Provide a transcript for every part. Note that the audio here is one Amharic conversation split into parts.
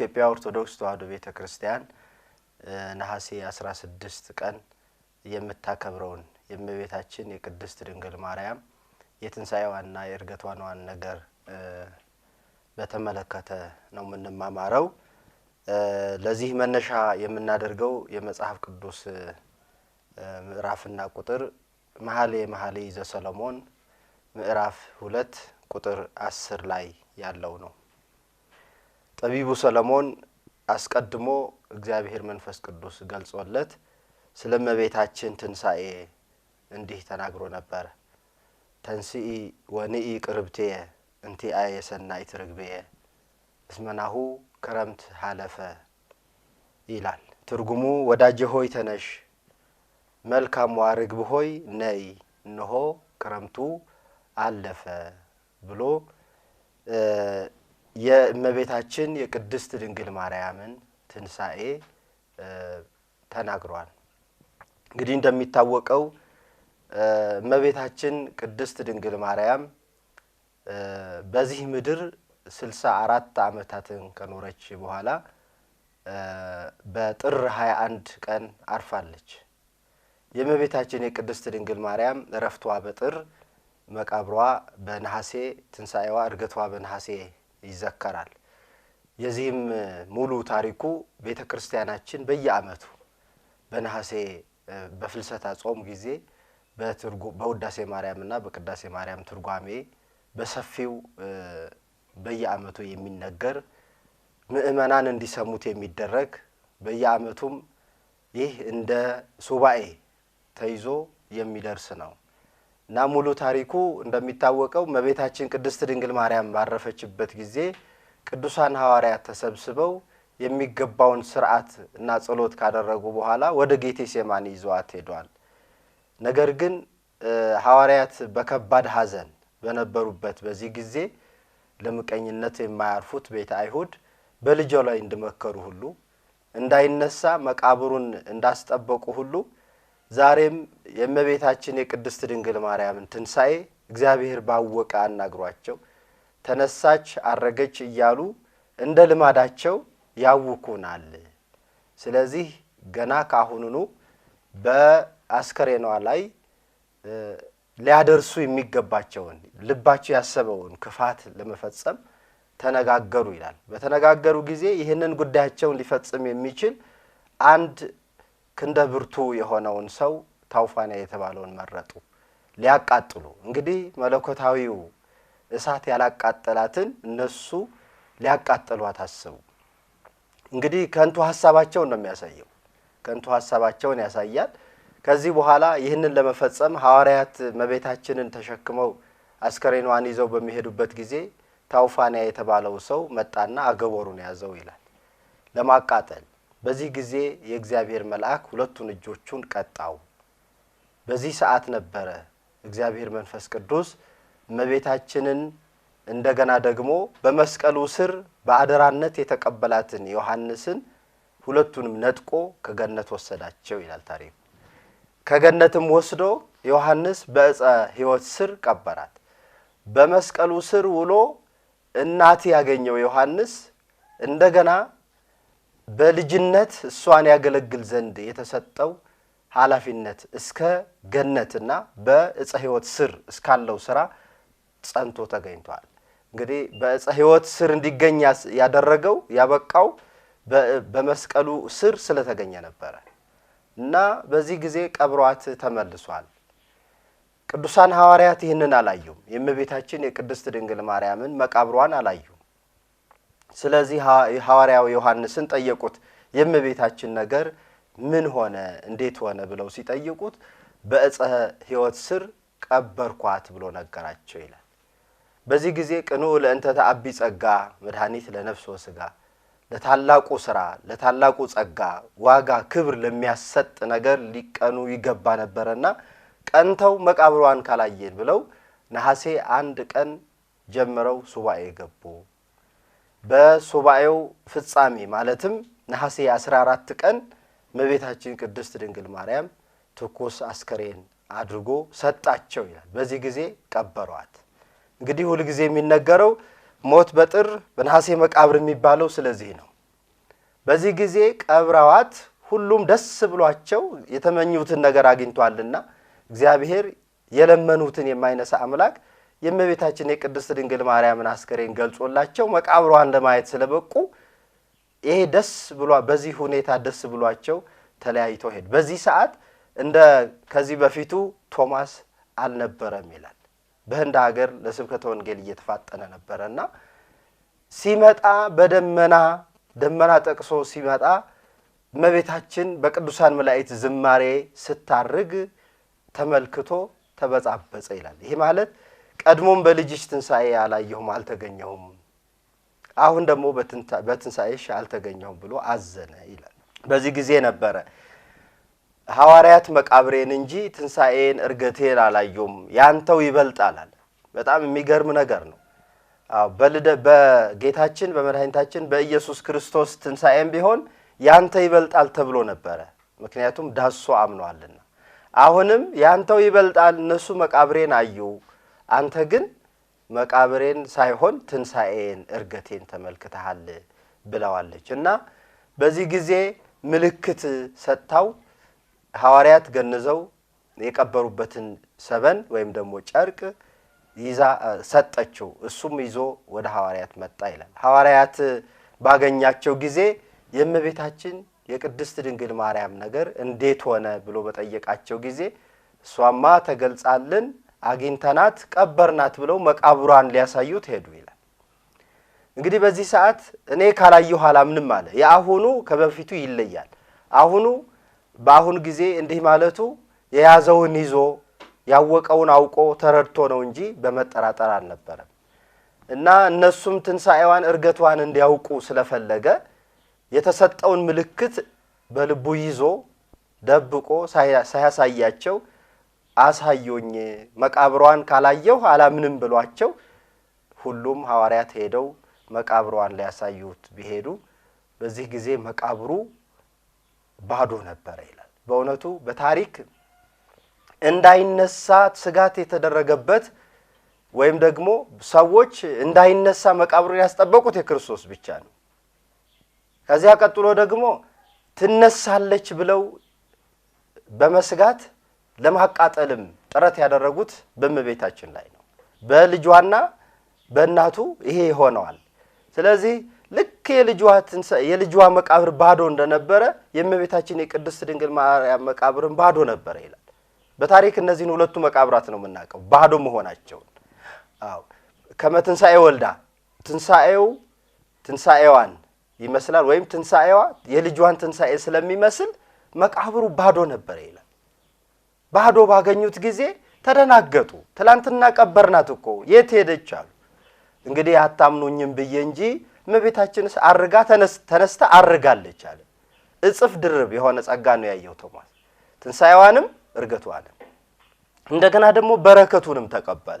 የኢትዮጵያ ኦርቶዶክስ ተዋሕዶ ቤተ ክርስቲያን ነሐሴ 16 ቀን የምታከብረውን የእመቤታችን የቅድስት ድንግል ማርያም የትንሣኤዋና የእርገቷን ነገር በተመለከተ ነው የምንማማረው። ለዚህ መነሻ የምናደርገው የመጽሐፍ ቅዱስ ምዕራፍና ቁጥር መሀሌ መኃልይ ዘሰሎሞን ምዕራፍ ሁለት ቁጥር አስር ላይ ያለው ነው። ጠቢቡ ሰለሞን አስቀድሞ እግዚአብሔር መንፈስ ቅዱስ ገልጾለት ስለ እመቤታችን ትንሣኤ እንዲህ ተናግሮ ነበር ተንስኢ ወንኢ እንቲ አየ ሰናይት ርግብየ እስመናሁ ክረምት ሀለፈ ይላል። ትርጉሙ ወዳጀ ሆይ ተነሽ፣ መልካሟ ርግብ ሆይ ነይ፣ እነሆ ክረምቱ አለፈ ብሎ የእመቤታችን የቅድስት ድንግል ማርያምን ትንሣኤ ተናግሯል። እንግዲህ እንደሚታወቀው እመቤታችን ቅድስት ድንግል ማርያም በዚህ ምድር ስልሳ አራት ዓመታትን ከኖረች በኋላ በጥር 21 ቀን አርፋለች። የእመቤታችን የቅድስት ድንግል ማርያም እረፍቷ በጥር መቃብሯ በነሐሴ ትንሣኤዋ እርገቷ በነሐሴ ይዘከራል። የዚህም ሙሉ ታሪኩ ቤተ ክርስቲያናችን በየዓመቱ በነሐሴ በፍልሰታ ጾም ጊዜ በውዳሴ ማርያምና በቅዳሴ ማርያም ትርጓሜ በሰፊው በየዓመቱ የሚነገር ምእመናን እንዲሰሙት የሚደረግ በየዓመቱም ይህ እንደ ሱባኤ ተይዞ የሚደርስ ነው። እና ሙሉ ታሪኩ እንደሚታወቀው እመቤታችን ቅድስት ድንግል ማርያም ባረፈችበት ጊዜ ቅዱሳን ሐዋርያት ተሰብስበው የሚገባውን ስርዓት እና ጸሎት ካደረጉ በኋላ ወደ ጌቴ ይዘዋት ሄዷል። ነገር ግን ሐዋርያት በከባድ ሐዘን በነበሩበት በዚህ ጊዜ ለምቀኝነት የማያርፉት ቤተ አይሁድ በልጇ ላይ እንደመከሩ ሁሉ እንዳይነሳ መቃብሩን እንዳስጠበቁ ሁሉ ዛሬም የእመቤታችን የቅድስት ድንግል ማርያምን ትንሣኤ እግዚአብሔር ባወቀ አናግሯቸው ተነሳች፣ አረገች እያሉ እንደ ልማዳቸው ያውኩናል። ስለዚህ ገና ካሁኑኑ በአስከሬኗ ላይ ሊያደርሱ የሚገባቸውን ልባቸው ያሰበውን ክፋት ለመፈጸም ተነጋገሩ ይላል። በተነጋገሩ ጊዜ ይህንን ጉዳያቸውን ሊፈጽም የሚችል አንድ ክንደ ብርቱ የሆነውን ሰው ታውፋንያ የተባለውን መረጡ ሊያቃጥሉ። እንግዲህ መለኮታዊው እሳት ያላቃጠላትን እነሱ ሊያቃጥሏት አስቡ። እንግዲህ ከንቱ ሀሳባቸውን ነው የሚያሳየው፣ ከንቱ ሀሳባቸውን ያሳያል። ከዚህ በኋላ ይህንን ለመፈጸም ሐዋርያት መቤታችንን ተሸክመው አስከሬኗን ይዘው በሚሄዱበት ጊዜ ታውፋንያ የተባለው ሰው መጣና አገበሩን ያዘው ይላል ለማቃጠል በዚህ ጊዜ የእግዚአብሔር መልአክ ሁለቱን እጆቹን ቀጣው። በዚህ ሰዓት ነበረ እግዚአብሔር መንፈስ ቅዱስ እመቤታችንን እንደገና ደግሞ በመስቀሉ ስር በአደራነት የተቀበላትን ዮሐንስን ሁለቱንም ነጥቆ ከገነት ወሰዳቸው ይላል ታሪኩ። ከገነትም ወስዶ ዮሐንስ በእፀ ሕይወት ስር ቀበራት። በመስቀሉ ስር ውሎ እናት ያገኘው ዮሐንስ እንደገና በልጅነት እሷን ያገለግል ዘንድ የተሰጠው ኃላፊነት እስከ ገነትና በእፀ ሕይወት ስር እስካለው ስራ ጸንቶ ተገኝቷል። እንግዲህ በእፀ ሕይወት ስር እንዲገኝ ያደረገው ያበቃው በመስቀሉ ስር ስለተገኘ ነበረ እና በዚህ ጊዜ ቀብሯት ተመልሷል። ቅዱሳን ሐዋርያት ይህንን አላዩም። የእመቤታችን የቅድስት ድንግል ማርያምን መቃብሯን አላዩም። ስለዚህ ሐዋርያው ዮሐንስን ጠየቁት። የእመቤታችን ነገር ምን ሆነ እንዴት ሆነ ብለው ሲጠይቁት በእፀ ሕይወት ስር ቀበርኳት ብሎ ነገራቸው ይላል። በዚህ ጊዜ ቅኑ ለእንተ ተአቢ ጸጋ መድኃኒት ለነፍስ ወስጋ ለታላቁ ስራ ለታላቁ ጸጋ ዋጋ ክብር ለሚያሰጥ ነገር ሊቀኑ ይገባ ነበረና ቀንተው መቃብሯን ካላየን ብለው ነሐሴ አንድ ቀን ጀምረው ሱባኤ ገቡ። በሱባኤው ፍጻሜ ማለትም ነሐሴ 14 ቀን እመቤታችን ቅድስት ድንግል ማርያም ትኩስ አስከሬን አድርጎ ሰጣቸው ይላል። በዚህ ጊዜ ቀበሯት። እንግዲህ ሁልጊዜ የሚነገረው ሞት በጥር በነሐሴ መቃብር የሚባለው ስለዚህ ነው። በዚህ ጊዜ ቀብረዋት ሁሉም ደስ ብሏቸው የተመኙትን ነገር አግኝቷልና እግዚአብሔር የለመኑትን የማይነሳ አምላክ የእመቤታችን የቅድስት ድንግል ማርያምን አስከሬን ገልጾላቸው መቃብሯን ለማየት ስለበቁ ይሄ ደስ ብሏ በዚህ ሁኔታ ደስ ብሏቸው ተለያይቶ ሄድ። በዚህ ሰዓት እንደ ከዚህ በፊቱ ቶማስ አልነበረም ይላል። በህንድ ሀገር ለስብከተ ወንጌል እየተፋጠነ ነበረ እና ሲመጣ በደመና ደመና ጠቅሶ ሲመጣ እመቤታችን በቅዱሳን መላእክት ዝማሬ ስታርግ ተመልክቶ ተበጻበጸ ይላል። ይሄ ማለት ቀድሞም በልጅሽ ትንሣኤ አላየሁም አልተገኘሁም፣ አሁን ደግሞ በትንሣኤሽ አልተገኘሁም ብሎ አዘነ ይላል። በዚህ ጊዜ ነበረ ሐዋርያት መቃብሬን እንጂ ትንሣኤን እርገቴን አላየሁም ያንተው ይበልጣል አለ። በጣም የሚገርም ነገር ነው። በልደ በጌታችን በመድኃኒታችን በኢየሱስ ክርስቶስ ትንሣኤም ቢሆን ያንተ ይበልጣል ተብሎ ነበረ። ምክንያቱም ዳሶ አምኗልና። አሁንም ያንተው ይበልጣል፣ እነሱ መቃብሬን አዩ አንተ ግን መቃብሬን ሳይሆን ትንሣኤን፣ እርገቴን ተመልክተሃል ብለዋለች እና በዚህ ጊዜ ምልክት ሰጥታው ሐዋርያት ገንዘው የቀበሩበትን ሰበን ወይም ደግሞ ጨርቅ ይዛ ሰጠችው። እሱም ይዞ ወደ ሐዋርያት መጣ ይላል። ሐዋርያት ባገኛቸው ጊዜ የእመቤታችን የቅድስት ድንግል ማርያም ነገር እንዴት ሆነ ብሎ በጠየቃቸው ጊዜ እሷማ ተገልጻልን አግኝተናት ቀበርናት ብለው መቃብሯን ሊያሳዩት ሄዱ ይላል። እንግዲህ በዚህ ሰዓት እኔ ካላየሁ አላምንም አለ። የአሁኑ ከበፊቱ ይለያል። አሁኑ በአሁን ጊዜ እንዲህ ማለቱ የያዘውን ይዞ ያወቀውን አውቆ ተረድቶ ነው እንጂ በመጠራጠር አልነበረም። እና እነሱም ትንሣኤዋን እርገቷን እንዲያውቁ ስለፈለገ የተሰጠውን ምልክት በልቡ ይዞ ደብቆ ሳያሳያቸው አሳዩኝ፣ መቃብሯን ካላየሁ አላምንም ብሏቸው ሁሉም ሐዋርያት ሄደው መቃብሯን ሊያሳዩት ቢሄዱ በዚህ ጊዜ መቃብሩ ባዶ ነበረ ይላል። በእውነቱ በታሪክ እንዳይነሳ ስጋት የተደረገበት ወይም ደግሞ ሰዎች እንዳይነሳ መቃብሩን ያስጠበቁት የክርስቶስ ብቻ ነው። ከዚያ ቀጥሎ ደግሞ ትነሳለች ብለው በመስጋት ለማቃጠልም ጥረት ያደረጉት በእመቤታችን ላይ ነው። በልጇና በእናቱ ይሄ ሆነዋል። ስለዚህ ልክ የልጇ መቃብር ባዶ እንደነበረ የእመቤታችን የቅድስት ድንግል ማርያም መቃብርን ባዶ ነበረ ይላል። በታሪክ እነዚህን ሁለቱ መቃብራት ነው የምናውቀው ባዶ መሆናቸውን። አዎ ከመትንሣኤ ወልዳ ትንሣኤው ትንሣኤዋን ይመስላል ወይም ትንሣኤዋ የልጇን ትንሣኤ ስለሚመስል መቃብሩ ባዶ ነበረ ይላል። ባህዶ ባገኙት ጊዜ ተደናገጡ። ትላንትና ቀበርናት እኮ የት ሄደች አሉ። እንግዲህ አታምኑኝም ብዬ እንጂ እመቤታችንስ አርጋ ተነስታ አርጋለች አለ። እጽፍ ድርብ የሆነ ጸጋ ነው ያየው ቶማስ። ትንሣኤዋንም እርገቷንም እንደገና ደግሞ በረከቱንም ተቀበለ።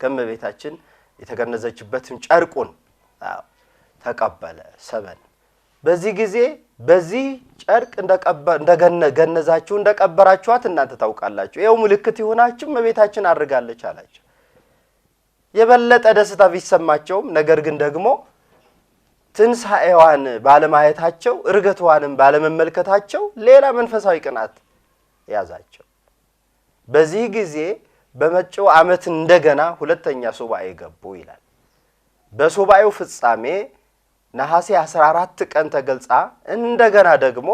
ከእመቤታችን የተገነዘችበትን ጨርቁን ተቀበለ ሰበን በዚህ ጊዜ በዚህ ጨርቅ እንደገነዛችሁ እንደቀበራችኋት እናንተ ታውቃላችሁ፣ ይኸው ምልክት ይሆናችሁ እመቤታችን አድርጋለች አላቸው። የበለጠ ደስታ ቢሰማቸውም ነገር ግን ደግሞ ትንሣኤዋን ባለማየታቸው እርገቷንም ባለመመልከታቸው ሌላ መንፈሳዊ ቅናት ያዛቸው። በዚህ ጊዜ በመጪው ዓመት እንደገና ሁለተኛ ሱባኤ ገቡ ይላል። በሱባኤው ፍጻሜ ነሐሴ 14 ቀን ተገልጻ እንደገና ደግሞ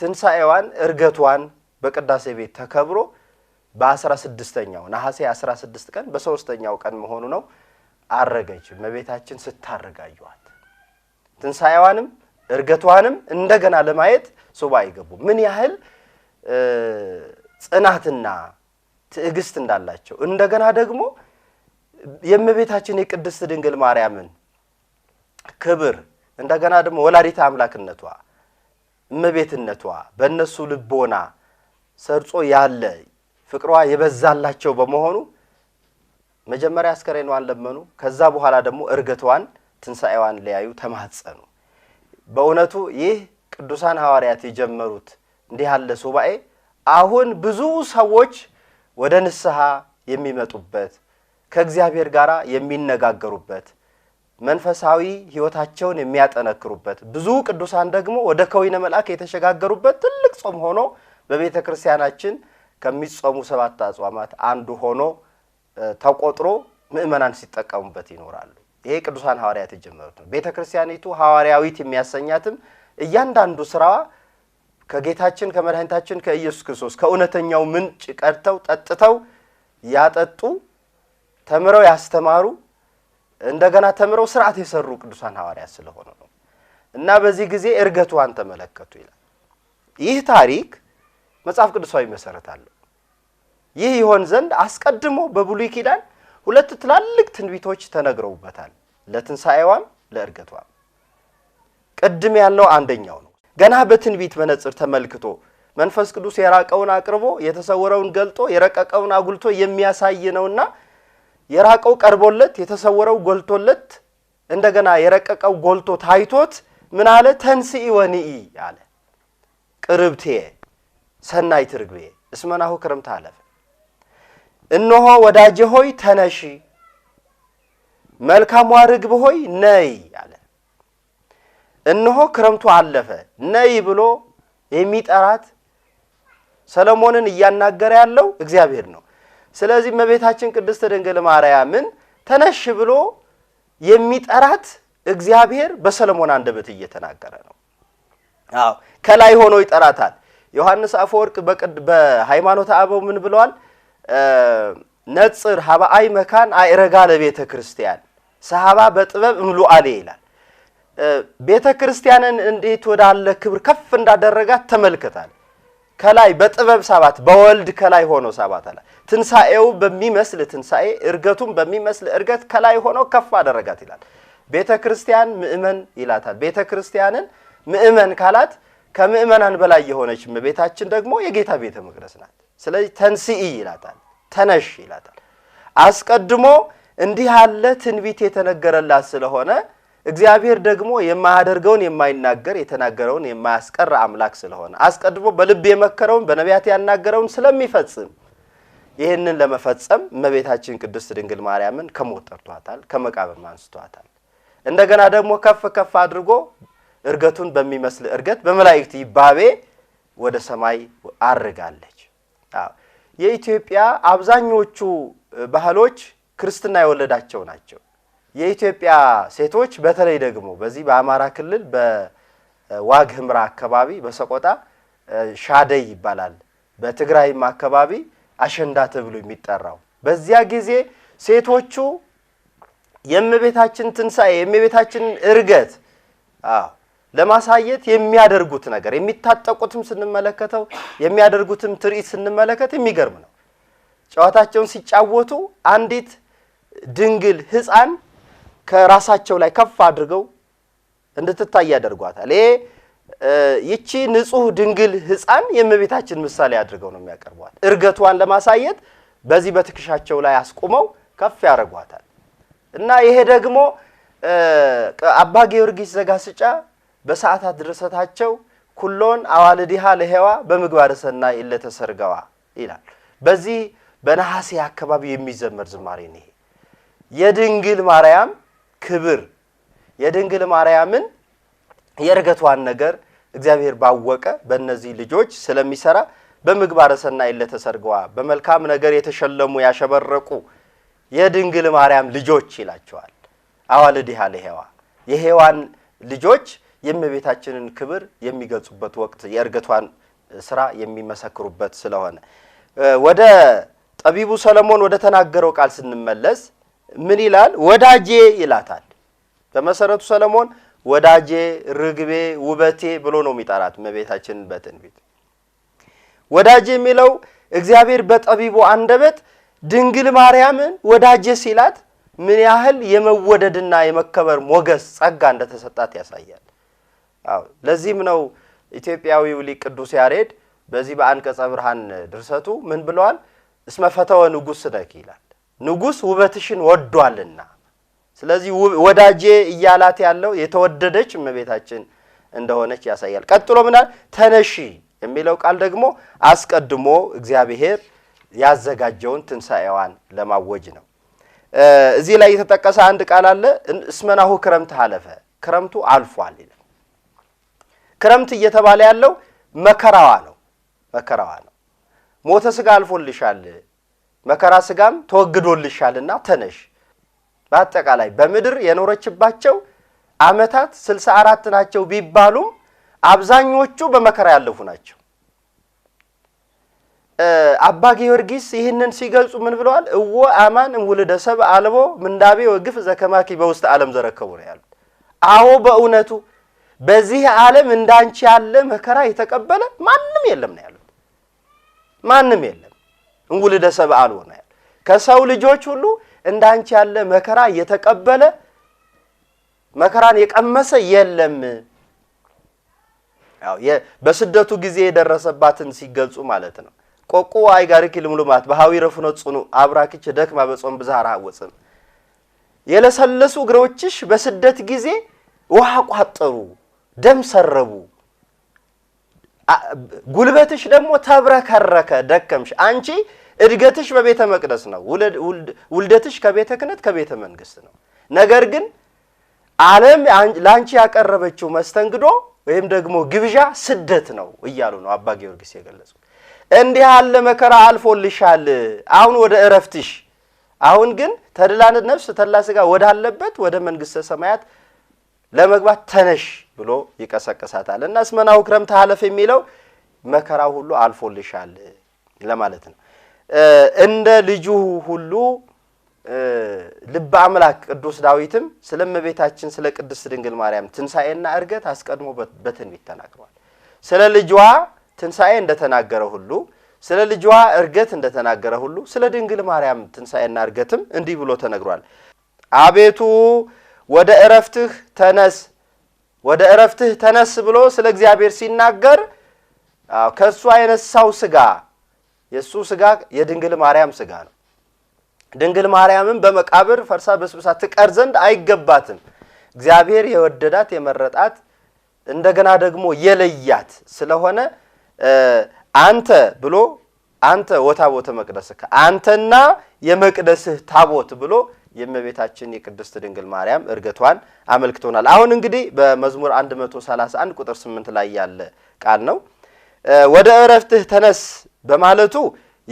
ትንሣኤዋን እርገቷን በቅዳሴ ቤት ተከብሮ በ16ኛው ነሐሴ 16 ቀን በሶስተኛው ቀን መሆኑ ነው አረገች። እመቤታችን ስታረጋዩዋት ትንሣኤዋንም እርገቷንም እንደገና ለማየት ሱባ አይገቡ ምን ያህል ጽናትና ትዕግስት እንዳላቸው እንደገና ደግሞ የእመቤታችን የቅድስት ድንግል ማርያምን ክብር እንደገና ደግሞ ወላዲተ አምላክነቷ እመቤትነቷ በእነሱ ልቦና ሰርጾ ያለ ፍቅሯ የበዛላቸው በመሆኑ መጀመሪያ አስከሬኗን ለመኑ። ከዛ በኋላ ደግሞ እርገቷን ትንሣኤዋን ሊያዩ ተማጸኑ። በእውነቱ ይህ ቅዱሳን ሐዋርያት የጀመሩት እንዲህ ያለ ሱባኤ አሁን ብዙ ሰዎች ወደ ንስሐ የሚመጡበት ከእግዚአብሔር ጋር የሚነጋገሩበት መንፈሳዊ ህይወታቸውን የሚያጠነክሩበት ብዙ ቅዱሳን ደግሞ ወደ ከዊነ መልአክ የተሸጋገሩበት ትልቅ ጾም ሆኖ በቤተ ክርስቲያናችን ከሚጾሙ ሰባት አጽዋማት አንዱ ሆኖ ተቆጥሮ ምእመናን ሲጠቀሙበት ይኖራሉ። ይሄ ቅዱሳን ሐዋርያት የጀመሩት ነው። ቤተ ክርስቲያኒቱ ሐዋርያዊት የሚያሰኛትም እያንዳንዱ ስራዋ ከጌታችን ከመድኃኒታችን ከኢየሱስ ክርስቶስ ከእውነተኛው ምንጭ ቀድተው ጠጥተው ያጠጡ ተምረው ያስተማሩ እንደገና ተምረው ስርዓት የሰሩ ቅዱሳን ሐዋርያት ስለሆኑ ነው እና በዚህ ጊዜ እርገቷን ተመለከቱ ይላል። ይህ ታሪክ መጽሐፍ ቅዱሳዊ መሰረት አለው። ይህ ይሆን ዘንድ አስቀድሞ በብሉይ ኪዳን ሁለት ትላልቅ ትንቢቶች ተነግረውበታል። ለትንሣኤዋም ለእርገቷም። ቅድም ያለው አንደኛው ነው። ገና በትንቢት መነጽር ተመልክቶ መንፈስ ቅዱስ የራቀውን አቅርቦ የተሰወረውን ገልጦ የረቀቀውን አጉልቶ የሚያሳይ ነውና የራቀው ቀርቦለት የተሰወረው ጎልቶለት እንደገና የረቀቀው ጎልቶ ታይቶት ምን አለ? ተንስኢ ወንኢ አለ ቅርብቴ ሰናይ ትርግቤ እስመናሁ ክረምት አለፈ። እነሆ ወዳጄ ሆይ ተነሺ፣ መልካሟ ርግብ ሆይ ነይ አለ። እነሆ ክረምቱ አለፈ ነይ ብሎ የሚጠራት ሰለሞንን እያናገረ ያለው እግዚአብሔር ነው። ስለዚህ እመቤታችን ቅድስት ድንግል ማርያምን ተነሽ ብሎ የሚጠራት እግዚአብሔር በሰለሞን አንደበት እየተናገረ ነው። አዎ ከላይ ሆኖ ይጠራታል። ዮሐንስ አፈወርቅ በሃይማኖተ አበው ምን ብለዋል? ነጽር ሀበአይ መካን አይረጋ ለቤተ ክርስቲያን ሰሃባ በጥበብ እምሉ አሌ ይላል። ቤተ ክርስቲያንን እንዴት ወዳለ ክብር ከፍ እንዳደረጋት ተመልክታል። ከላይ በጥበብ ሰባት በወልድ ከላይ ሆኖ ሰባት አለ። ትንሣኤው በሚመስል ትንሣኤ እርገቱም በሚመስል እርገት ከላይ ሆኖ ከፍ አደረጋት ይላል። ቤተ ክርስቲያን ምእመን ይላታል። ቤተ ክርስቲያንን ምእመን ካላት ከምእመናን በላይ የሆነች እመቤታችን ደግሞ የጌታ ቤተ መቅደስ ናት። ስለዚህ ተንስኢ ይላታል፣ ተነሽ ይላታል። አስቀድሞ እንዲህ ያለ ትንቢት የተነገረላት ስለሆነ እግዚአብሔር ደግሞ የማያደርገውን የማይናገር የተናገረውን የማያስቀር አምላክ ስለሆነ አስቀድሞ በልብ የመከረውን በነቢያት ያናገረውን ስለሚፈጽም ይህንን ለመፈጸም እመቤታችን ቅድስት ድንግል ማርያምን ከሞት ጠርቷታል፣ ከመቃብር አንስቷታል። እንደገና ደግሞ ከፍ ከፍ አድርጎ እርገቱን በሚመስል እርገት በመላእክት ይባቤ ወደ ሰማይ አርጋለች። የኢትዮጵያ አብዛኞቹ ባህሎች ክርስትና የወለዳቸው ናቸው። የኢትዮጵያ ሴቶች በተለይ ደግሞ በዚህ በአማራ ክልል በዋግ ህምራ አካባቢ በሰቆጣ ሻደይ ይባላል። በትግራይም አካባቢ አሸንዳ ተብሎ የሚጠራው በዚያ ጊዜ ሴቶቹ የእመቤታችን ትንሣኤ የእመቤታችን እርገት ለማሳየት የሚያደርጉት ነገር የሚታጠቁትም ስንመለከተው የሚያደርጉትም ትርኢት ስንመለከት የሚገርም ነው። ጨዋታቸውን ሲጫወቱ አንዲት ድንግል ህፃን ከራሳቸው ላይ ከፍ አድርገው እንድትታይ ያደርጓታል። ይሄ ይቺ ንጹህ ድንግል ህፃን የእመቤታችን ምሳሌ አድርገው ነው የሚያቀርቧት። እርገቷን ለማሳየት በዚህ በትከሻቸው ላይ አስቁመው ከፍ ያደርጓታል እና ይሄ ደግሞ አባ ጊዮርጊስ ዘጋስጫ በሰዓታት ድርሰታቸው ኩሎን አዋልዲሃ ለሔዋ በምግባረ ሰናይ ለተሰርገዋ ይላል። በዚህ በነሐሴ አካባቢ የሚዘመር ዝማሬ ነው ይሄ የድንግል ማርያም ክብር የድንግል ማርያምን የእርገቷን ነገር እግዚአብሔር ባወቀ በእነዚህ ልጆች ስለሚሰራ በምግባረ ሰናይ ለተሰርገዋ በመልካም ነገር የተሸለሙ ያሸበረቁ የድንግል ማርያም ልጆች ይላቸዋል። አዋልዲሃ ለሔዋ የሔዋን ልጆች የእመቤታችንን ክብር የሚገልጹበት ወቅት የእርገቷን ስራ የሚመሰክሩበት ስለሆነ ወደ ጠቢቡ ሰለሞን ወደ ተናገረው ቃል ስንመለስ ምን ይላል? ወዳጄ ይላታል። በመሰረቱ ሰለሞን ወዳጄ፣ ርግቤ፣ ውበቴ ብሎ ነው የሚጠራት እመቤታችንን በትንቢት ወዳጄ የሚለው እግዚአብሔር በጠቢቡ አንደበት ድንግል ማርያምን ወዳጄ ሲላት ምን ያህል የመወደድና የመከበር ሞገስ ጸጋ እንደተሰጣት ያሳያል። አዎ ለዚህም ነው ኢትዮጵያዊው ሊቅ ቅዱስ ያሬድ በዚህ በአንቀጸ ብርሃን ድርሰቱ ምን ብለዋል? እስመ ፈተወ ንጉሥ ነክ ይላል። ንጉሥ ውበትሽን ወዷልና። ስለዚህ ወዳጄ እያላት ያለው የተወደደች እመቤታችን እንደሆነች ያሳያል። ቀጥሎ ምናል ተነሺ የሚለው ቃል ደግሞ አስቀድሞ እግዚአብሔር ያዘጋጀውን ትንሣኤዋን ለማወጅ ነው። እዚህ ላይ የተጠቀሰ አንድ ቃል አለ። እስመናሁ ክረምት አለፈ፣ ክረምቱ አልፏል ይላል። ክረምት እየተባለ ያለው መከራዋ ነው፣ መከራዋ ነው። ሞተ ስጋ አልፎልሻል መከራ ስጋም ተወግዶልሻልና ተነሽ። በአጠቃላይ በምድር የኖረችባቸው ዓመታት ስልሳ አራት ናቸው ቢባሉም አብዛኞቹ በመከራ ያለፉ ናቸው። አባ ጊዮርጊስ ይህንን ሲገልጹ ምን ብለዋል? እወ አማን እምውልደ ሰብ አልቦ ምንዳቤ ወግፍ ዘከማኪ በውስጥ ዓለም ዘረከቡ ነው ያሉት። አዎ በእውነቱ በዚህ ዓለም እንዳንቺ ያለ መከራ የተቀበለ ማንም የለም ነው ያሉት። ማንም የለም። እንውልደ ሰብ አልሆነ ከሰው ልጆች ሁሉ እንዳንቺ ያለ መከራ እየተቀበለ መከራን የቀመሰ የለም። ያው በስደቱ ጊዜ የደረሰባትን ሲገልጹ ማለት ነው። ቆቁ አይጋሪኪ ልምሉማት በሃዊ ረፍኖት ጽኑ አብራክች ደክማ በጾም ብዛራ አወፅም የለሰለሱ እግሮችሽ በስደት ጊዜ ውሃ ቋጠሩ፣ ደም ሰረቡ ጉልበትሽ ደግሞ ተብረከረከ፣ ደከምሽ። አንቺ እድገትሽ በቤተ መቅደስ ነው። ውልደትሽ ከቤተ ክህነት ከቤተ መንግስት ነው። ነገር ግን ዓለም ለአንቺ ያቀረበችው መስተንግዶ ወይም ደግሞ ግብዣ ስደት ነው እያሉ ነው አባ ጊዮርጊስ የገለጹ። እንዲህ ያለ መከራ አልፎልሻል፣ አሁን ወደ እረፍትሽ አሁን ግን ተድላን ነፍስ ተድላ ስጋ ወዳለበት ወደ መንግስተ ሰማያት ለመግባት ተነሽ ብሎ ይቀሰቅሳታል። እና እስመናሁ ክረምተ ሀለፈ የሚለው መከራ ሁሉ አልፎልሻል ለማለት ነው። እንደ ልጁ ሁሉ ልበ አምላክ ቅዱስ ዳዊትም ስለ እመቤታችን ስለ ቅድስት ድንግል ማርያም ትንሣኤና እርገት አስቀድሞ በትንቢት ተናግሯል። ስለ ልጇ ትንሣኤ እንደተናገረ ሁሉ ስለ ልጇ እርገት እንደተናገረ ሁሉ ስለ ድንግል ማርያም ትንሣኤና እርገትም እንዲህ ብሎ ተነግሯል። አቤቱ ወደ እረፍትህ ተነስ ወደ እረፍትህ ተነስ ብሎ ስለ እግዚአብሔር ሲናገር ከእሷ የነሳው ስጋ የእሱ ስጋ የድንግል ማርያም ስጋ ነው። ድንግል ማርያምን በመቃብር ፈርሳ በስብሳ ትቀር ዘንድ አይገባትም። እግዚአብሔር የወደዳት የመረጣት እንደገና ደግሞ የለያት ስለሆነ አንተ ብሎ አንተ ወታቦተ መቅደስ አንተና የመቅደስህ ታቦት ብሎ የእመቤታችን የቅድስት ድንግል ማርያም እርገቷን አመልክቶናል። አሁን እንግዲህ በመዝሙር 131 ቁጥር 8 ላይ ያለ ቃል ነው። ወደ እረፍትህ ተነስ በማለቱ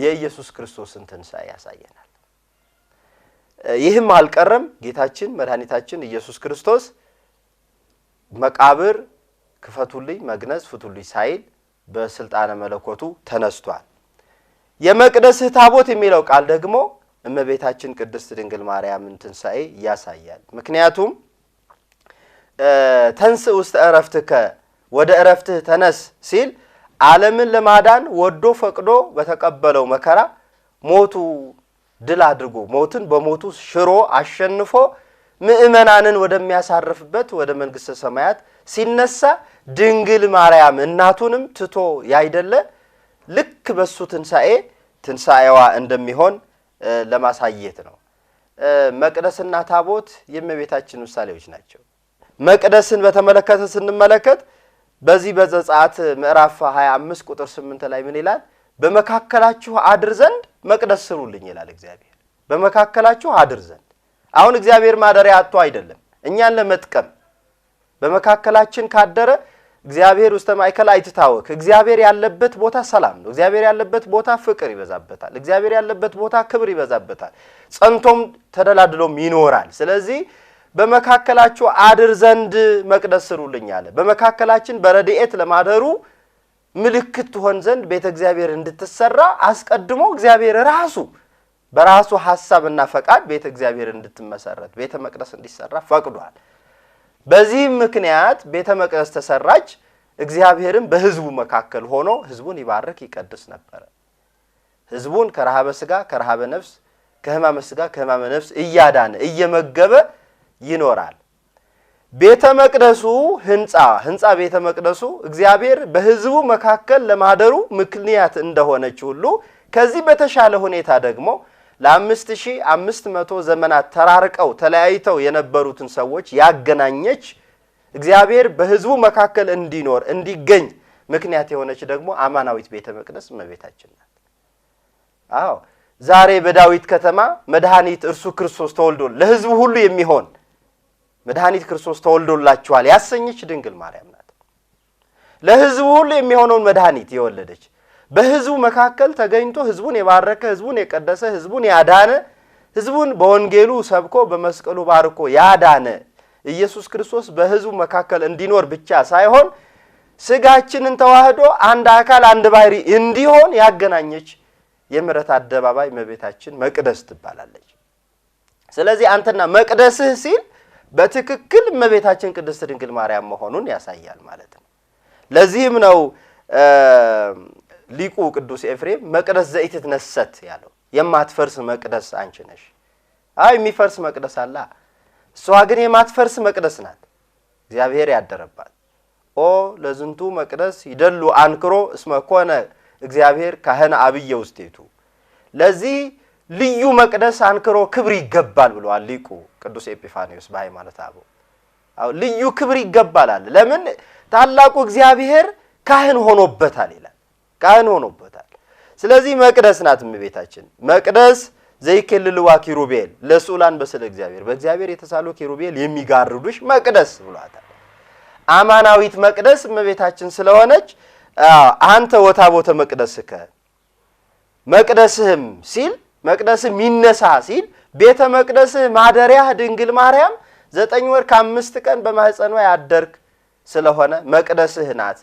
የኢየሱስ ክርስቶስን ትንሣኤ ያሳየናል። ይህም አልቀረም። ጌታችን መድኃኒታችን ኢየሱስ ክርስቶስ መቃብር ክፈቱልኝ፣ መግነዝ ፍቱልኝ ሳይል በስልጣነ መለኮቱ ተነስቷል። የመቅደስህ ታቦት የሚለው ቃል ደግሞ እመቤታችን ቅድስት ድንግል ማርያምን ትንሣኤ ያሳያል። ምክንያቱም ተንስ ውስጥ እረፍትከ ወደ እረፍትህ ተነስ ሲል ዓለምን ለማዳን ወዶ ፈቅዶ በተቀበለው መከራ ሞቱ ድል አድርጎ ሞትን በሞቱ ሽሮ አሸንፎ ምእመናንን ወደሚያሳርፍበት ወደ መንግሥተ ሰማያት ሲነሳ ድንግል ማርያም እናቱንም ትቶ ያይደለ ልክ በሱ ትንሣኤ ትንሣኤዋ እንደሚሆን ለማሳየት ነው። መቅደስና ታቦት የእመቤታችን ምሳሌዎች ናቸው። መቅደስን በተመለከተ ስንመለከት በዚህ በዘጸአት ምዕራፍ 25 ቁጥር 8 ላይ ምን ይላል? በመካከላችሁ አድር ዘንድ መቅደስ ስሩልኝ ይላል እግዚአብሔር። በመካከላችሁ አድር ዘንድ አሁን እግዚአብሔር ማደሪያ አጥቶ አይደለም፣ እኛን ለመጥቀም በመካከላችን ካደረ እግዚአብሔር ውስተ ማእከል አይትታወክ። እግዚአብሔር ያለበት ቦታ ሰላም ነው። እግዚአብሔር ያለበት ቦታ ፍቅር ይበዛበታል። እግዚአብሔር ያለበት ቦታ ክብር ይበዛበታል። ጸንቶም ተደላድሎም ይኖራል። ስለዚህ በመካከላችሁ አድር ዘንድ መቅደስ ስሩልኝ አለ። በመካከላችን በረድኤት ለማደሩ ምልክት ትሆን ዘንድ ቤተ እግዚአብሔር እንድትሰራ አስቀድሞ እግዚአብሔር ራሱ በራሱ ሐሳብና ፈቃድ ቤተ እግዚአብሔር እንድትመሰረት ቤተ መቅደስ እንዲሰራ ፈቅዷል። በዚህም ምክንያት ቤተ መቅደስ ተሰራች። እግዚአብሔርም በህዝቡ መካከል ሆኖ ህዝቡን ይባርክ ይቀድስ ነበረ። ህዝቡን ከረሃበ ስጋ ከረሃበ ነፍስ ከህማመ ስጋ ከህማመ ነፍስ እያዳነ እየመገበ ይኖራል። ቤተ መቅደሱ ህንፃ ህንፃ ቤተ መቅደሱ እግዚአብሔር በህዝቡ መካከል ለማደሩ ምክንያት እንደሆነች ሁሉ ከዚህ በተሻለ ሁኔታ ደግሞ ለአምስት ሺህ አምስት መቶ ዘመናት ተራርቀው ተለያይተው የነበሩትን ሰዎች ያገናኘች እግዚአብሔር በህዝቡ መካከል እንዲኖር እንዲገኝ ምክንያት የሆነች ደግሞ አማናዊት ቤተ መቅደስ እመቤታችን ናት። አዎ ዛሬ በዳዊት ከተማ መድኃኒት እርሱ ክርስቶስ ተወልዶ ለህዝቡ ሁሉ የሚሆን መድኃኒት ክርስቶስ ተወልዶላችኋል ያሰኘች ድንግል ማርያም ናት። ለህዝቡ ሁሉ የሚሆነውን መድኃኒት የወለደች በህዝቡ መካከል ተገኝቶ ህዝቡን የባረከ ህዝቡን የቀደሰ ህዝቡን ያዳነ ህዝቡን በወንጌሉ ሰብኮ በመስቀሉ ባርኮ ያዳነ ኢየሱስ ክርስቶስ በህዝቡ መካከል እንዲኖር ብቻ ሳይሆን ስጋችንን ተዋህዶ አንድ አካል አንድ ባህሪ እንዲሆን ያገናኘች የምሕረት አደባባይ እመቤታችን መቅደስ ትባላለች። ስለዚህ አንተና መቅደስህ ሲል በትክክል እመቤታችን ቅድስት ድንግል ማርያም መሆኑን ያሳያል ማለት ነው። ለዚህም ነው ሊቁ ቅዱስ ኤፍሬም መቅደስ ነሰት ያለው የማትፈርስ መቅደስ አንቺ ነሽ። አይ የሚፈርስ መቅደስ አላ፣ እሷ ግን የማትፈርስ መቅደስ ናት፣ እግዚአብሔር ያደረባት። ኦ ለዝንቱ መቅደስ ይደሉ አንክሮ እስመ ኮነ እግዚአብሔር ካህን አብየ ውስቴቱ፣ ለዚህ ልዩ መቅደስ አንክሮ ክብር ይገባል ብለዋል ሊቁ ቅዱስ ኤጲፋኒዎስ በሃይማኖተ አበው። ልዩ ክብር ይገባላል። ለምን ታላቁ እግዚአብሔር ካህን ሆኖበታል ይላል ካህን ሆኖበታል። ስለዚህ መቅደስ ናት እመቤታችን። መቅደስ ዘይከልልዋ ኪሩቤል ለስዑላን በስለ እግዚአብሔር፣ በእግዚአብሔር የተሳሉ ኪሩቤል የሚጋርዱሽ መቅደስ ብሏታል። አማናዊት መቅደስ እመቤታችን ስለሆነች አንተ ወታቦተ መቅደስከ መቅደስህም ሲል መቅደስም ይነሳ ሲል ቤተ መቅደስህ ማደሪያህ ድንግል ማርያም ዘጠኝ ወር ከአምስት ቀን በማህፀኗ ያደርግ ስለሆነ መቅደስህ ናት።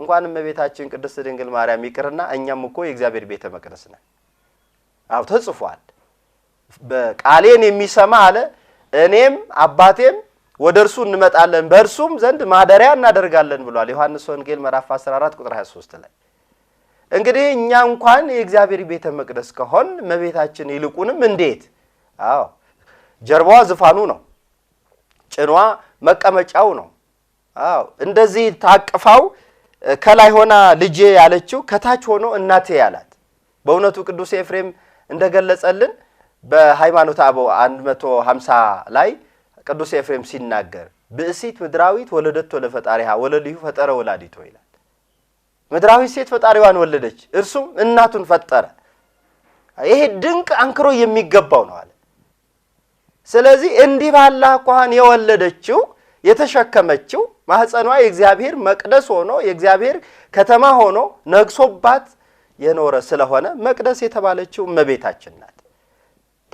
እንኳንም እመቤታችን ቅድስት ድንግል ማርያም ይቅርና እኛም እኮ የእግዚአብሔር ቤተ መቅደስ ነን። አው ተጽፏል። በቃሌን የሚሰማ አለ እኔም አባቴም ወደ እርሱ እንመጣለን በእርሱም ዘንድ ማደሪያ እናደርጋለን ብሏል ዮሐንስ ወንጌል ምዕራፍ 14 ቁጥር 23 ላይ። እንግዲህ እኛ እንኳን የእግዚአብሔር ቤተ መቅደስ ከሆን እመቤታችን ይልቁንም እንዴት! አዎ ጀርባዋ ዝፋኑ ነው፣ ጭኗ መቀመጫው ነው። አዎ እንደዚህ ታቅፋው ከላይ ሆና ልጄ ያለችው ከታች ሆኖ እናቴ ያላት። በእውነቱ ቅዱስ ኤፍሬም እንደገለጸልን በሃይማኖተ አበው 150 ላይ ቅዱስ ኤፍሬም ሲናገር ብእሲት ምድራዊት ወለደቶ ለፈጣሪሃ ወለልዩ ፈጠረ ወላዲቶ ይላል። ምድራዊት ሴት ፈጣሪዋን ወለደች፣ እርሱም እናቱን ፈጠረ። ይሄ ድንቅ አንክሮ የሚገባው ነው አለ። ስለዚህ እንዲህ ባለ አኳኋን የወለደችው የተሸከመችው ማህፀኗ የእግዚአብሔር መቅደስ ሆኖ የእግዚአብሔር ከተማ ሆኖ ነግሶባት የኖረ ስለሆነ መቅደስ የተባለችው እመቤታችን ናት።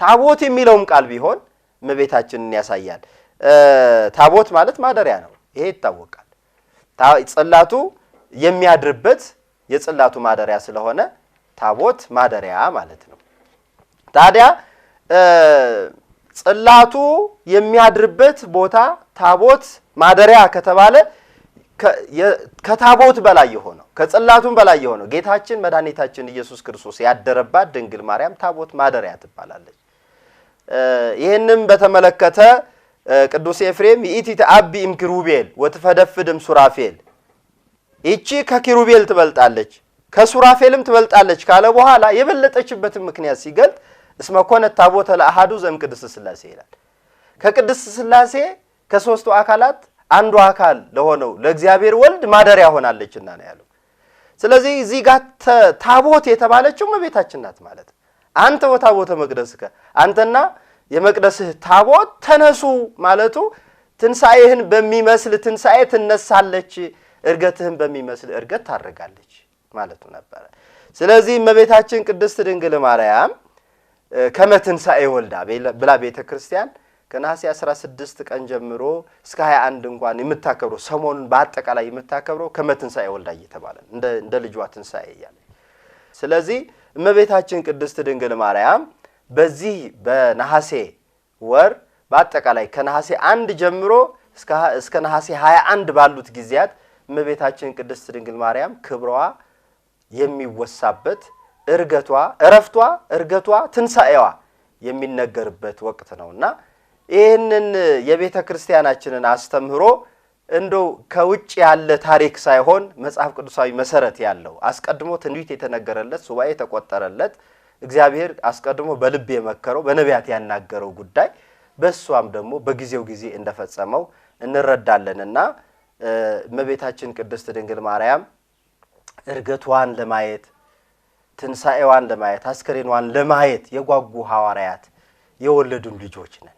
ታቦት የሚለውም ቃል ቢሆን እመቤታችንን ያሳያል። ታቦት ማለት ማደሪያ ነው። ይሄ ይታወቃል። ጽላቱ የሚያድርበት የጽላቱ ማደሪያ ስለሆነ ታቦት ማደሪያ ማለት ነው። ታዲያ ጽላቱ የሚያድርበት ቦታ ታቦት ማደሪያ ከተባለ ከታቦት በላይ የሆነው ከጽላቱም በላይ የሆነው ጌታችን መድኃኒታችን ኢየሱስ ክርስቶስ ያደረባት ድንግል ማርያም ታቦት ማደሪያ ትባላለች። ይህንም በተመለከተ ቅዱስ ኤፍሬም ይእቲ ተአቢ ኪሩቤል ወትፈደፍድም ሱራፌል፣ ይቺ ከኪሩቤል ትበልጣለች ከሱራፌልም ትበልጣለች ካለ በኋላ የበለጠችበትን ምክንያት ሲገልጥ እስመ ኮነ ታቦተ ዘም ዘእምቅድስት ስላሴ ይላል። ከቅድስት ስላሴ ከሶስቱ አካላት አንዱ አካል ለሆነው ለእግዚአብሔር ወልድ ማደሪያ ሆናለችና ነው ያለው። ስለዚህ እዚህ ጋር ታቦት የተባለችው እመቤታችን ናት ማለት አንተ ወታቦተ መቅደስከ አንተና የመቅደስህ ታቦት ተነሱ ማለቱ ትንሣኤህን በሚመስል ትንሣኤ ትነሳለች፣ እርገትህን በሚመስል እርገት ታደርጋለች ማለቱ ነበረ። ስለዚህ እመቤታችን ቅድስት ድንግል ማርያም ከመትንሣኤ ወልዳ ብላ ቤተ ክርስቲያን ከነሐሴ 16 ቀን ጀምሮ እስከ 21 እንኳን የምታከብረው ሰሞኑን በአጠቃላይ የምታከብረው ከመትንሣኤ ወልዳ እየተባለ እንደ ልጇ ትንሣኤ እያለ ስለዚህ እመቤታችን ቅድስት ድንግል ማርያም በዚህ በነሐሴ ወር በአጠቃላይ ከነሐሴ አንድ ጀምሮ እስከ ነሐሴ 21 ባሉት ጊዜያት እመቤታችን ቅድስት ድንግል ማርያም ክብሯ የሚወሳበት እርገቷ፣ እረፍቷ፣ እርገቷ፣ ትንሣኤዋ የሚነገርበት ወቅት ነውና ይህንን የቤተ ክርስቲያናችንን አስተምህሮ እንደው ከውጭ ያለ ታሪክ ሳይሆን መጽሐፍ ቅዱሳዊ መሰረት ያለው አስቀድሞ ትንቢት የተነገረለት ሱባኤ የተቆጠረለት እግዚአብሔር አስቀድሞ በልብ የመከረው በነቢያት ያናገረው ጉዳይ በእሷም ደግሞ በጊዜው ጊዜ እንደፈጸመው እንረዳለንና እመቤታችን ቅድስት ድንግል ማርያም እርገቷን ለማየት ትንሣኤዋን ለማየት አስከሬኗን ለማየት የጓጉ ሐዋርያት የወለዱን ልጆች ነን።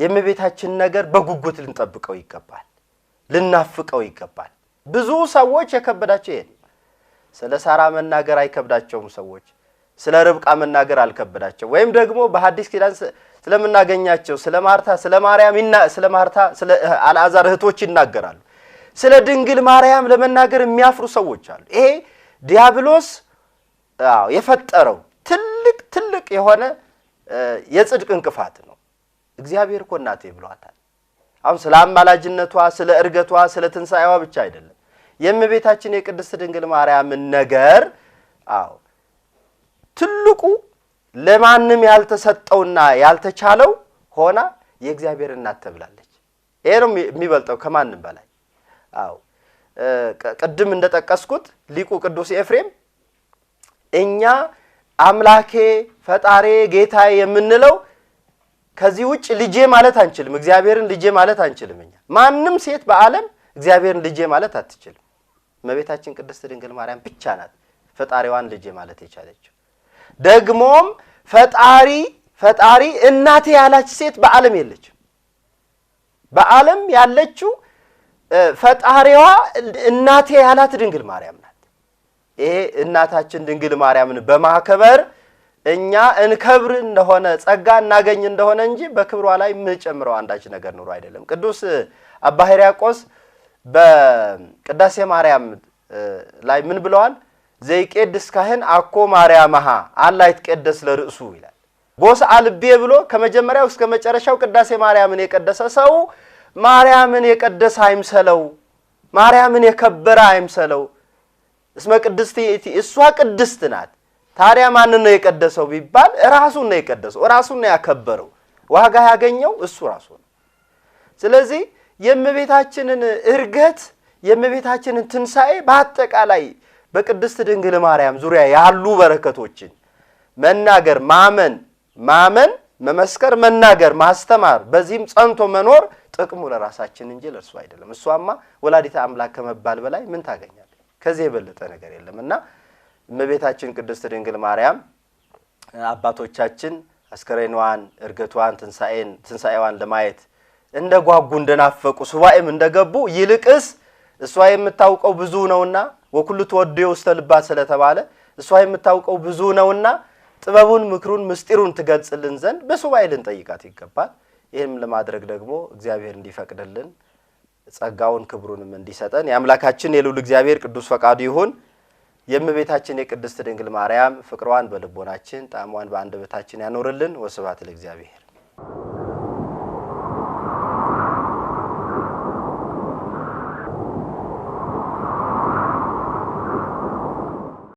የእመቤታችን ነገር በጉጉት ልንጠብቀው ይገባል፣ ልናፍቀው ይገባል። ብዙ ሰዎች የከበዳቸው ይሄ ነው። ስለ ሳራ መናገር አይከብዳቸውም። ሰዎች ስለ ርብቃ መናገር አልከበዳቸው። ወይም ደግሞ በሐዲስ ኪዳን ስለምናገኛቸው ስለ ማርታ፣ ስለ ማርያም፣ ስለ ማርታ፣ ስለ አልዓዛር እህቶች ይናገራሉ። ስለ ድንግል ማርያም ለመናገር የሚያፍሩ ሰዎች አሉ። ይሄ ዲያብሎስ የፈጠረው ትልቅ ትልቅ የሆነ የጽድቅ እንቅፋት ነው። እግዚአብሔር እኮ እናቴ ብሏታል። አሁን ስለ አማላጅነቷ፣ ስለ እርገቷ፣ ስለ ትንሣኤዋ ብቻ አይደለም የእመቤታችን የቅድስት ድንግል ማርያምን ነገር አዎ ትልቁ ለማንም ያልተሰጠውና ያልተቻለው ሆና የእግዚአብሔር እናት ተብላለች። ይሄ ነው የሚበልጠው ከማንም በላይ አዎ ቅድም እንደጠቀስኩት ሊቁ ቅዱስ ኤፍሬም እኛ አምላኬ ፈጣሬ ጌታዬ የምንለው ከዚህ ውጭ ልጄ ማለት አንችልም። እግዚአብሔርን ልጄ ማለት አንችልም። እኛ ማንም ሴት በዓለም እግዚአብሔርን ልጄ ማለት አትችልም። እመቤታችን ቅድስት ድንግል ማርያም ብቻ ናት ፈጣሪዋን ልጄ ማለት የቻለችው። ደግሞም ፈጣሪ ፈጣሪ እናቴ ያላች ሴት በዓለም የለችም። በዓለም ያለችው ፈጣሪዋ እናቴ ያላት ድንግል ማርያም ናት። ይሄ እናታችን ድንግል ማርያምን በማከበር እኛ እንከብር እንደሆነ ጸጋ እናገኝ እንደሆነ እንጂ በክብሯ ላይ የምንጨምረው አንዳች ነገር ኑሮ አይደለም። ቅዱስ አባ ሕርያቆስ በቅዳሴ ማርያም ላይ ምን ብለዋል? ዘይቄድስ ካህን አኮ ማርያምሃ አላ ይትቀደስ ለርእሱ ይላል። ቦስ አልቤ ብሎ ከመጀመሪያው እስከ መጨረሻው ቅዳሴ ማርያምን የቀደሰ ሰው ማርያምን የቀደሰ አይምሰለው፣ ማርያምን የከበረ አይምሰለው እስመ ቅድስት ይእቲ እሷ ቅድስት ናት። ታዲያ ማንን ነው የቀደሰው ቢባል ራሱን ነው የቀደሰው፣ ራሱን ነው ያከበረው። ዋጋ ያገኘው እሱ ራሱ ነው። ስለዚህ የእመቤታችንን እርገት የእመቤታችንን ትንሣኤ በአጠቃላይ በቅድስት ድንግል ማርያም ዙሪያ ያሉ በረከቶችን መናገር፣ ማመን፣ ማመን፣ መመስከር፣ መናገር፣ ማስተማር፣ በዚህም ጸንቶ መኖር ጥቅሙ ለራሳችን እንጂ ለእርሱ አይደለም። እሷማ ወላዲተ አምላክ ከመባል በላይ ምን ታገኛል? ከዚህ የበለጠ ነገር የለም እና እመቤታችን ቅድስት ድንግል ማርያም አባቶቻችን አስከሬኗን፣ እርገቷን፣ ትንሣኤዋን ለማየት እንደ ጓጉ እንደናፈቁ ሱባኤም እንደገቡ ይልቅስ እሷ የምታውቀው ብዙ ነውና ወኩሉ ተወድዮ የውስተ ልባት ስለተባለ እሷ የምታውቀው ብዙ ነውና ጥበቡን፣ ምክሩን፣ ምስጢሩን ትገልጽልን ዘንድ በሱባኤ ልንጠይቃት ይገባል። ይህም ለማድረግ ደግሞ እግዚአብሔር እንዲፈቅድልን ጸጋውን ክብሩንም እንዲሰጠን የአምላካችን የልዑል እግዚአብሔር ቅዱስ ፈቃዱ ይሁን። የእመቤታችን የቅድስት ድንግል ማርያም ፍቅሯን በልቦናችን ጣዕሟን በአንደበታችን ያኖርልን። ወስብሐት ለእግዚአብሔር።